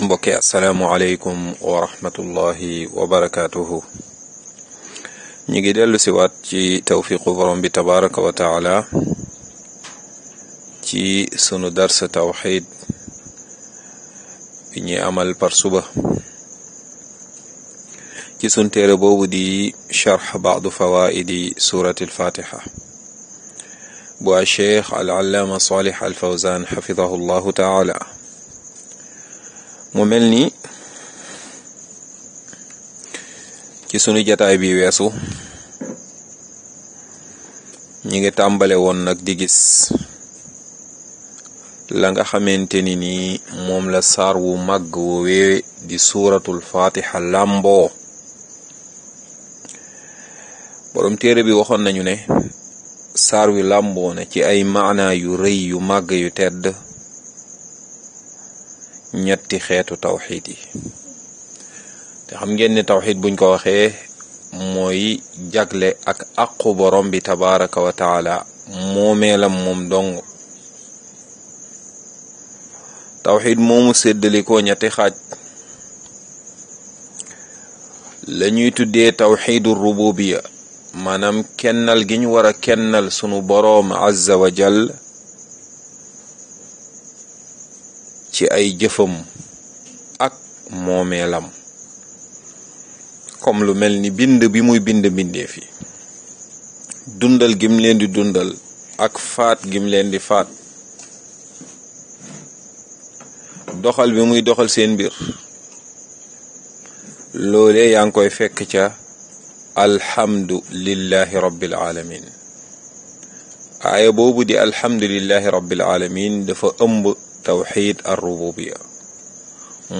mbokki asalaamualeykum wa rahmatullahi wa barakaatuhu ñu ngi dellu siwaat ci tawfiqu borom bi tabaraka wa taala ci sunu dars tawxid bi ñuy amal par suba ci sunu téere boobu di charx baadu fawaidi surati alfatiha bu a cheikh al allama salih al fawzan xafidahu llahu taala mu mel ni ci sunu jataay bi weesu ñi ngi tàmbale woon nag di gis la nga xamante ni nii moom la saar wu màgg woowee di suuratul fatiha làmboo borom téere bi waxoon nañu ne saar wi làmboo na ci ay maana yu rëy yu màgg yu tedd ñetti xeetu tawxiid yi te xam ngeen ni tawxiid buñ ko waxee mooy jagle ak aqu boroom bi tabaraka wa taala moomeelam moom dong tawxiid moomu séddalikoo ñetti xaaj lañuy ñuy tuddee tawxiidu rububiya maanaam kennal gi ñu kennal sunu boroom azza wa jal ci ay jëfam ak moomeelam comme lu mel ni bind bi muy bind mbindeef yi dundal gim leen di dundal ak faat gim leen di faat doxal bi muy doxal seen mbir loole yaa ngi koy fekk ca alhamdu lillahi rabbil alamin aaya boobu di alhamdulillahi rabbil alamin dafa ëmb tawxid ar-rububiyya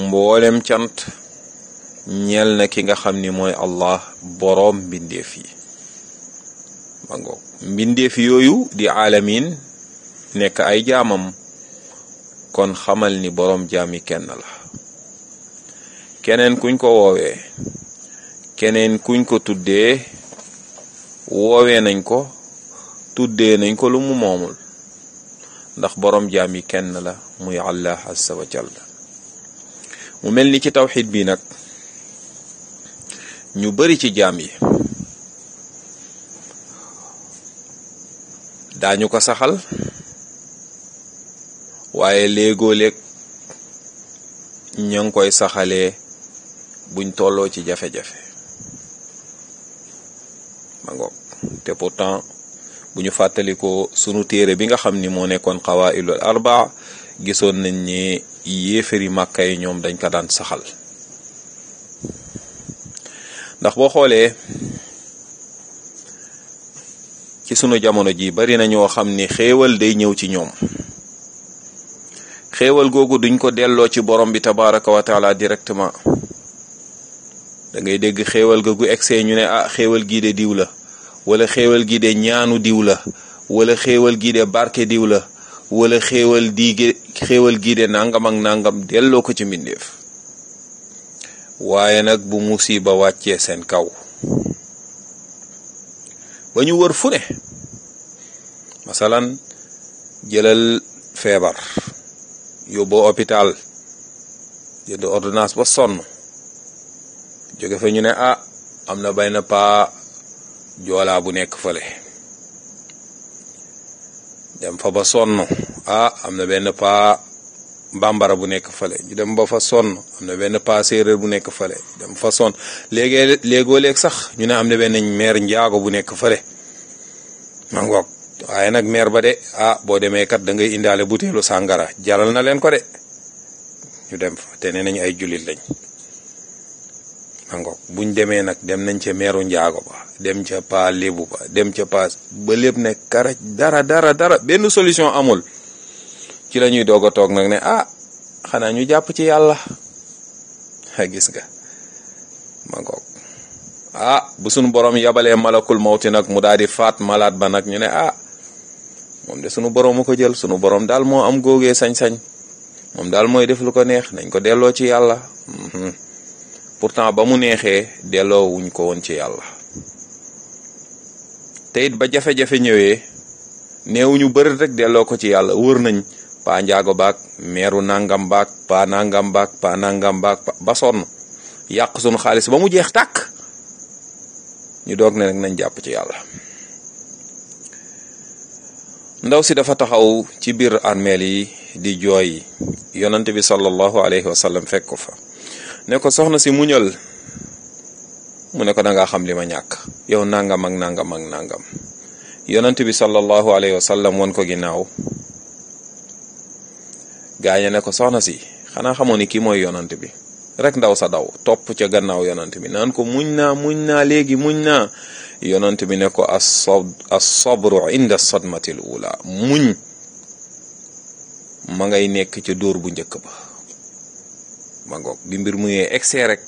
mboolem cant ñel na ki nga xam ni mooy allah boroom mbindeef yi mbindeef yooyu di aalamin nekk ay jaamam kon xamal ni boroom jaami kenn la keneen kuñ ko woowee keneen kuñ ko tuddee woowe nañ ko tuddee nañ ko lu mu moomul ndax boroom jaam yi kenn la muy allah azza wa mu mel ni ci tawxid bi nag ñu bari ci jaam yi daañu ko saxal waaye léegoo léeg ña ngi koy saxalee buñ tolloo ci jafe-jafe ma bu ñu fàttalikoo sunu téere bi nga xam ni moo nekkoon xawailul arba gisoon nañ ne yéefari màkka yi ñoom dañ ko daan saxal ndax boo xoolee ci sunu jamono ji bari na ñoo xam ni xéewal day ñëw ci ñoom xéewal googu duñ ko delloo ci borom bi tabaraka wa directement da dégg xéewal ga gu egsee ñu ne ah xéewal gii de diw la wala xéewal gi de ñaanu diw la wala xéewal gi de barke diw la wala xéewal di xéewal gi de nangam ak nangam delloo ko ci mbindeef waaye nag bu musiba wàccee seen kaw ba ñu wër fu ne masalan jëlal feebar yóbboo hôpital jënd ordonnance ba sonn jóge fa ñu ne ah am na bay joolaa bu nekk fële dem fa ba sonn a ah, am na benn paa bambara bu nekk fële ñu dem ba fa sonn am na benn paa séeréer bu nekk fële dem fa sonn léegi léegoo léeg sax ñu ne am na benn meer njaago bu nekk fële ma ngoog waaye nag meer ba de a ah, boo demee kat da ngay indaale butéelu sàngara jalal na leen ko de ñu dem fa nañu ay jullit lañ mangook buñ demee nag dem nañ ca meeru njaago ba dem ca paa lébu ba dem ca paa ba lépp ne karaj dara dara dara benn solution amul ci la ñuy doog a toog nag ne ah xanaa ñu jàpp ci yàlla gis nga mangook a ah, bu sunu borom yabalee malakul mawti nag mu daal di faat malaat ba nag ñu ne a ah, moom de sunu borom mu ko jël sunu borom daal moo am góogee sañ-sañ moom daal mooy def ko neex nañ ko delloo ci yàlla mhm. pourtant ba mu neexee delloo wuñ ko woon ci yàlla te ba jafe-jafe ñëwee ñu bëri rek delloo ko ci yàlla wër nañ paa njaago baag meeru nangam baag paa nangam baag paa nangam baag yàq sunu xaalis ba mu jeex tàkk ñu doog ne nag nañ jàpp ci yàlla ndaw si dafa taxaw ci biir armeel yi di jooy yonante bi sallallahu alayhi wa fekk ko fa ne ko soxna si mu ñël mu ne ko dangaa xam li ma ñàkk yow nangam ak nangam ak nangam yonent bi sallallahu alayhi wa sallam won ko ginnaaw gaañe ne ko soxna si xanaa xamoon ni kii mooy yonent bi rek ndaw sa daw topp ca gannaaw yonent bi naan ko muñ naa muñ naa léegi muñ naa yonant bi ne ko a as sabru inda sadmatil ula muñ ma ngay nekk ca dóor bu njëkk ba ma ngoog bi mbir mu yee rek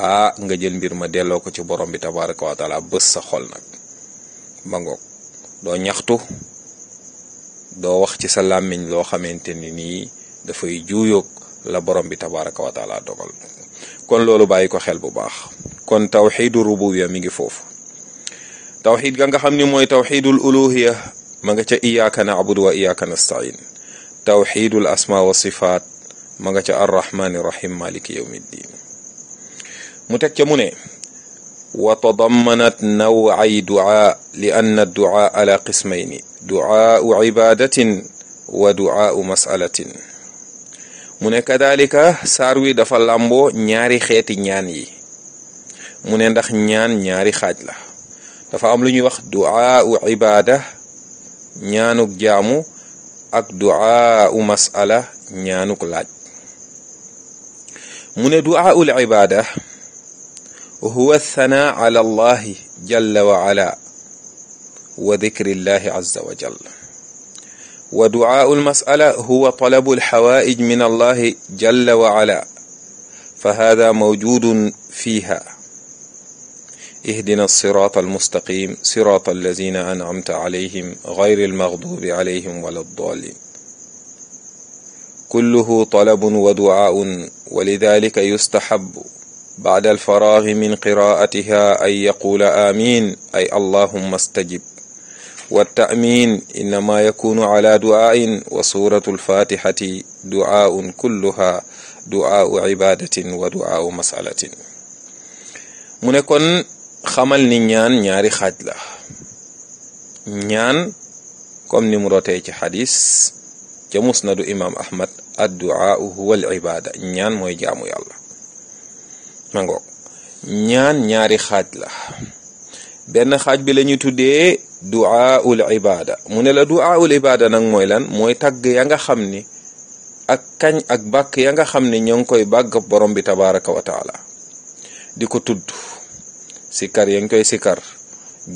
ah nga jël mbir ma delloo ko ci borom bi tabaraka wa bës sa xol nag ma doo ñaxtu doo wax ci sa làmmiñ loo xamante ni nii dafay juuyoog la borom bi tabaraka wa taala kon loolu bàyyi ko xel bu baax kon tawxidu rububiya mi ngi foofu tawxid ga nga xam ni mooy tawxidul uluhiya ma nga ca iyaaka naabudu wa iyaaka nastain tawxidul asma wa sifaat ma nga ca arrahmaani rahim maliki yawmi ddin mu teg ca mu ne wa tadammanat naway duaa li anna duaa ala qismayni duaau ibadatin wa duaau masalatin mu ne kadalika saar wi dafa làmboo ñaari xeeti ñaan yi mu ne ndax ñaan ñaari xaaj la dafa am lu ñuy wax duaau ibada ñaanuk jaamu ak duaau masala ñaanuk laaj mu ne duaaul ibaada huwa thanaa ala allahi jalla wa ala wa dikri llahi azza wa jalla wa duaaul masala huwa talabu alxawaij min allahi jalla wa ala fa hada mawjudun fiha ihdina sirat almustaqim sirat allazina anamta alayhim gayri almaghdubi alayhim wala addalin kulluhu talabun wa du'aun wa lidalika yustahabu bacda alfaraagi min qiraatiha an yaquula amiin ay allahumma stajib والتأمين إنما يكون على دعاء وصورة الفاتحة دعاء كلها دعاء عبادة ودعاء مسألة mu ne kon xamal ni ñaan ñaari xaaj la ñaan comme ni mu rotee ci xadis ca musnadu imaam Ahmad adduaa huwa al ibaada ñaan mooy jaamu yàlla ma ngoog ñaan ñaari xaaj la benn xaaj bi la ñu tuddee duaaul ibaada mu ne la duaaul ibaada nag mooy lan mooy tagg yanga xam ni ak kañ ak bàkk ya nga xam ni ñoo ngi koy bàgg borom bi tabaraka wa taala di ko tudd sikar yañ koy sikar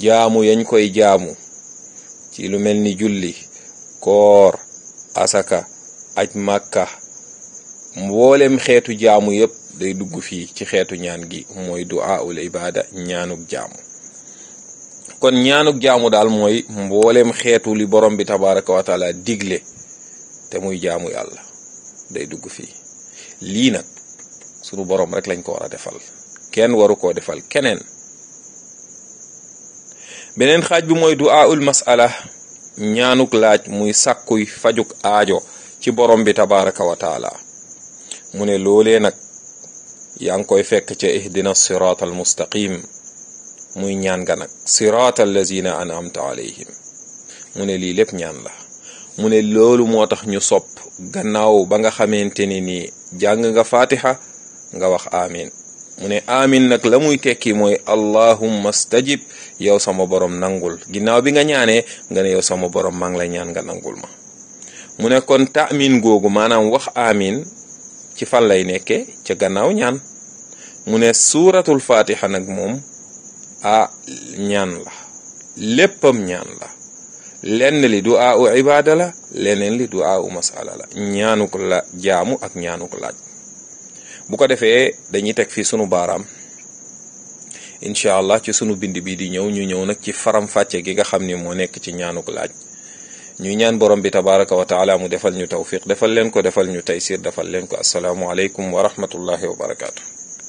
jaamu yañ koy jaamu ci lu mel ni julli koor asaka aj màkka mboolem xeetu jaamu yépp day dugg fii ci xeetu ñaan gi mooy duaaul ibaada ñaanuk jaamu kon ñaanuk jaamu daal mooy mboolem xeetu li borom bi tabaraka wa digle te muy jaamu yàlla day dugg fi lii nag sunu boroom rek lañ ko war a defal kenn waru koo defal keneen beneen xaaj bi mooy duaaul masala ñaanuk laaj muy sàkkuy fajuk aajo ci borom bi tabaraka wa taala mu ne loolee nag yaa ngi koy fekk ca ihdina siraatal mustaqim muy ñaan nga nag siraatal lazina an'amta alayhim mu ne lii lépp ñaan la mu ne loolu moo tax ñu sopp gannaaw ba nga xamante ne nii jàng nga fatiha nga wax amin mu ne amin nag la muy tekki mooy allahumma stajib yow sama borom nangul ginnaaw bi nga ñaanee nga ne yow sama borom maa ngi lay ñaan nga nangul ma mu ne kon taamin googu maanaam wax amin ci fan lay nekke ca gannaaw ñaan mu ne suuratul fatiha nag moom ah ñaan la léppam ñaan la lenn li du aa u ibaada la leneen li du aa u masala la ñaanuk la jaamu ak ñaanuk laaj bu ko defee dañuy teg fii sunu baaraam incha allah ci sunu bind bi di ñëw ñu ñëw nag ci faram fàcce gi nga xam ni moo nekk ci ñaanuk laaj ñuy ñaan borom bi tabaraka wa mu defal ñu tawfiq defal leen ko defal ñu taysir defal leen ko asalaamualeykum wa rahmatullahi wa barakaatu.